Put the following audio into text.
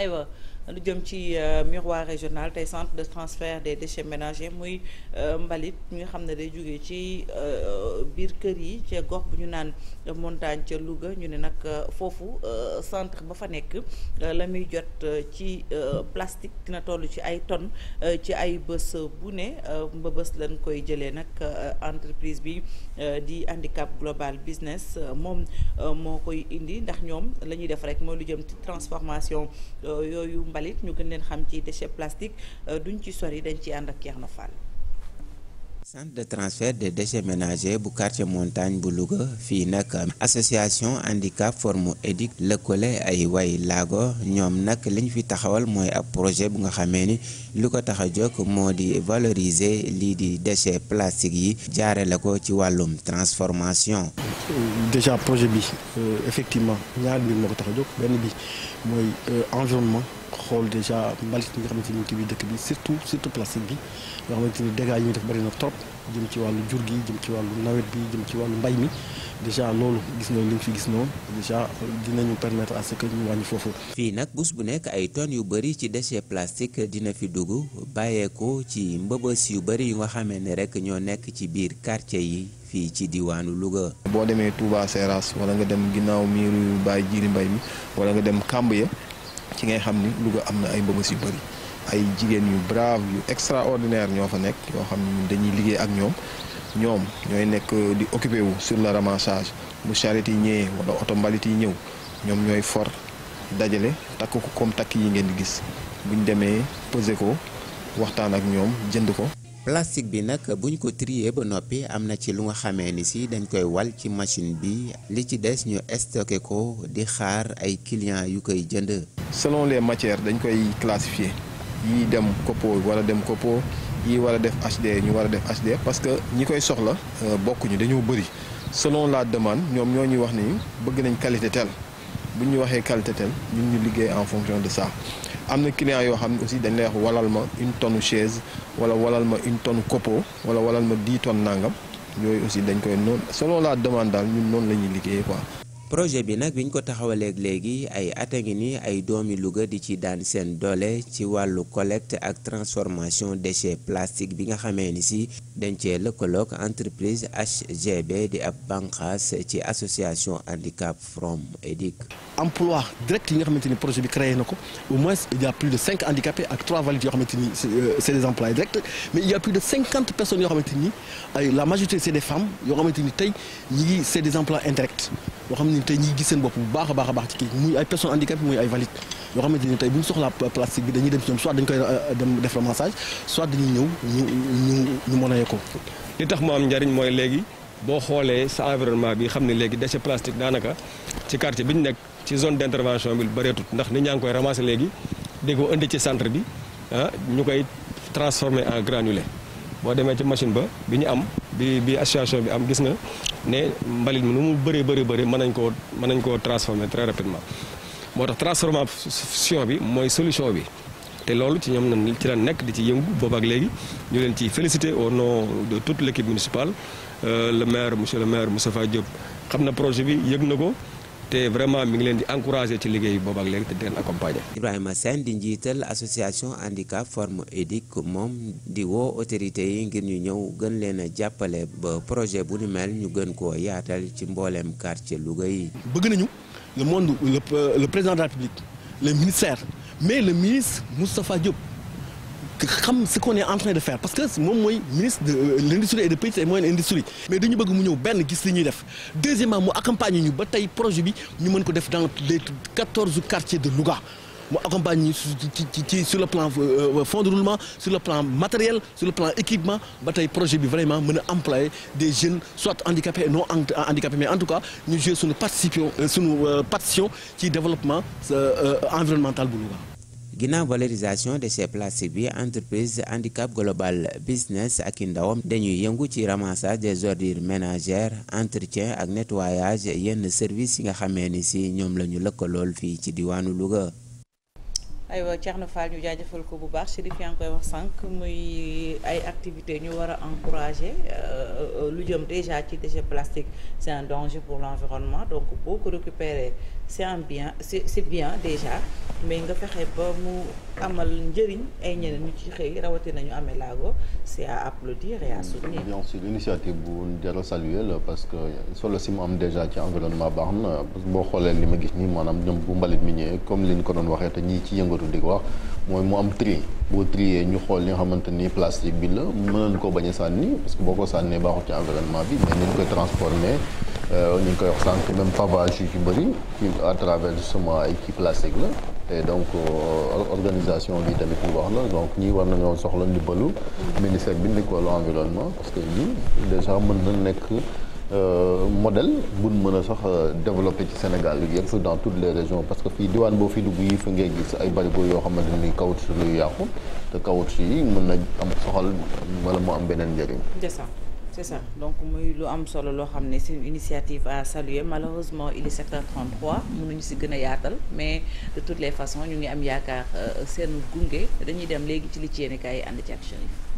aywa lu jëm ci euh, miroir régional tey centre de transfert des déchets ménagers muy euh, mbalit ñu xam ne day jógee ci euh, biir kër yi ci gox bu ñu naan montagne ca Louga ñu ne nag foofu centre ba fa nekk la muy jot ci plastique dina toll ci ay tonnes ci ay bës bu ne ba bës lañ koy jëlee nag entreprise bi di handicap global business moom moo koy indi ndax ñoom lañuy def rek mooy lu jëm ci transformation yooyu mbalit mbalit ñu gën leen xam ci déchets plastiques euh, duñ ci sori centre de transfert des déchets ménagers bu quartier montagne bu Louga fii nag association handicap forme édic lëkkale ay way laago ñoom nag liñ fi taxawal mooy ab projet bu nga xamee ni lu ko tax a jóg moo di valoriser lii di déchets plastiques yi jaare la ko ci wàllum transformation déjà projet bi euh, effectivement ñaar mbir moo ko tax a benn bi mooy euh, environnement xool dèjà mbalit yi nga xamante ni ci biir dëkk bi surtout surtout plastique bi nga xamante def bari na trop jëm ci jur gi jëm ci wàllu nawet bi jëm ci wàllu mbay mi dèjà loolu gis nga li ñu fi gis noonu dèjà dinañu permettre à ce que ñu wàññi foofu. fii nag bés bu nekk ay tonnes yu bëri ci déchet plastique dina fi dugg bàyyeekoo ci mbëbës yu bari yu nga xamee ne rek ñoo nekk ci biir quartier yi. fii ci diwaanu Louga. boo demee Touba Seras wala nga dem ginnaaw miiru Baye Jiri Mbay mi wala nga dem Kamb ya ci ngay xam ni Louga am na ay mbëbës yu bëri ay jigéen yu brave yu extraordinaire ñoo fa nekk yoo xam ne dañuy liggéey ak ñoom ñoom ñooy nekk euh, di occupé wu sur la ramassage bu charrette ñëwee wala oto mbalit yi ñëw ñoom ñooy for dajale takk ko comme takk yi ngeen di gis buñ demee peser ko waxtaan ak ñoom jënd ko. plastique bi nag bu ñu ko trier ba noppi am na ci lu nga xamee ni si dañ koy wal ci machine bi li ci des ñu stocké ko di xaar ay clients yu koy jënd. selon les matières dañ koy classifier yi dem copeaux wala dem copeaux yi war a def HD ñu war a def HD parce que ñi koy soxla euh, bokkuñu dañoo bëri selon laa demande ñoom ñoo ñuy wax nañu bëgg nañ qualité telle bu ñu waxee qualité telle ñun ñu liggéey en fonction de ça. am na client yoo xam ne aussi dañ lay wax walal ma une tonne chaise wala walal ma une tonne copeaux wala walal ma dix tonnes nangam yooyu aussi dañ koy noonu selon la demande daal ñun noonu la ñuy liggéeyee quoi. projet bi nag bi ñu ko taxawaleeg léegi ay at ngi ni ay doomi Louga di ci daan seen doole ci wàllu collecte ak transformation déchets plastique bi nga xamee ni si dañ cee lëkkaloog entreprise HGB di ab banqaas ci association handicap from EDIC. emploi direct yi nga xamante ni projet bi créé na ko au moins il y a plus de cinq handicapés ak trois valides yoo xamante ni euh, c'est des emplois directs mais il y a plus de cinquante personnes yoo xamante ni ay la majorité c'est des femmes yoo xamante ni tey ñi ngi emplois indirects. yoo xam ne tey ñuy gis seen bopp bu baax a baax a baax ci kii muy ay personnes handicapées muy ay valide yoo xamante ni tey bu ñu soxlaa plastique bi dañuy dem ci euh, ñëw ñu ñu ñu mën ko li tax mu am njariñ mooy léegi boo xoolee sa environnement bi xam ne léegi déchet plastique daanaka ci quartier bi ñu nekk ci zone d' intervention bi bëreetut ndax nit ñaa ngi koy ramasser léegi di ko indi ci centre bi ah ñu koy transformer en granulé boo demee ci machine ba bi ñu am bi bi association bi am gis na ne mbalit mi nu mu bëree bëri bëri mën nañ koo mën nañ koo transformer très rapidement moo tax transformation bi mooy solution bi te loolu ci ñoom nañ ci la nekk di ci yëngu boobu ak léegi ñu leen ciy félicité au nom de toute l'équipe municipale euh, le maire monsieur le maire Moustapha Diop xam na projet bi yëg na ko te vraiment mi ngi leen di encouragé ci liggéey boobu ak te di leen accompagné. Ibrahima Sène di njiital association handicap forme édique moom di woo autorité yi ngir ñu ñëw gën leen a jàppale ba projet bu ni mel ñu gën koo yaatal ci mbooleem quartier Louga yi. bëgg nañu le monde le euh, président de la République le ministère mais le ministre Moustapha Diop. xam ce qu'on est en train de faire parce que moom mooy ministre de euh, l'industrie et de petite et moyenne industrie mais dañu bëgg mu ñëw benn gis li ñuy def deuxièmement mu accompagner ñu ba tey projet bi ñu mën ko def dans les quatorze quartiers de Louga mu accompagne ci ci sur le plan euh, fonds de roulement le plan matériel sur le plan équipement ba tey projet bi vraiment mën a employer des jeunes soit handicapés non handicapés mais en tout cas ñu jouer suñu participation euh, suñu partition ci développement environnemental bu Louga ginnaaw valorisation de ces places bi entreprise handicap global business ak i ndawam dañuy yëngu ci ramassage des ordures ménagères entretien ak nettoyage yenn service yi nga xamee ni si ñoom la ñu lëkkalool fii ci diwaanu Louga. ay aywa na Fall ñu jaajëfal ko bu baax Chérif yaa ngi koy wax sànq muy ay activités ñu war a encourager euh, euh, lu jëm déjà ci déchet plastique c'est un danger pour l'environnement donc boo ko récupérer c'est un bien c'est c'est bien déjà mais nga fexe ba mu amal njëriñ ay ñeneen ñu ci xëy rawatina ñu amee laago c'est à applaudir et à bien sûr l'initiative bu jar a parce que solo si mu am déjà ci environnement baax na boo xoolee li ma gis nii maanaam ñoom bu mbalit ko doon waxee te ñii yëngatu di ko wax mooy mu am tri boo trier ñu xool li nga xamante ni plastique bi la mën mënoon koo bañ a sànni parce que boo ko sànnee baaxul ci environnement bi mais nañ koy transformer euh, ñu ngi koy wax sànq même pavage yu ci bëri à travers justement ay kii plastique la te donc euh, organisation bi tamit ñu wax la donc ñi war nañoo soxla ndimbalu ministère bi nekk wàllu environnement parce que ñi déjà mën na nekk Euh, modèle buñ mën a sax euh, développé ci Sénégal yëpp dans toutes les régions parce que fii diwaan boo fi dugg yi fa ngay gis ay barigo yoo xamante ni kawut luy yàqu te kawut yi mën na am soxal wala mu am beneen njëriñ. c'est ça donc muy lu am solo loo xam ne c'est initiative à saluer malheureusement il est 7h33 mënuñu si gën a yaatal mais de toutes les façons ñu ngi am yaakaar euh, seen gunge dañuy dem léegi ci li ci yéen kaay yi ànd ci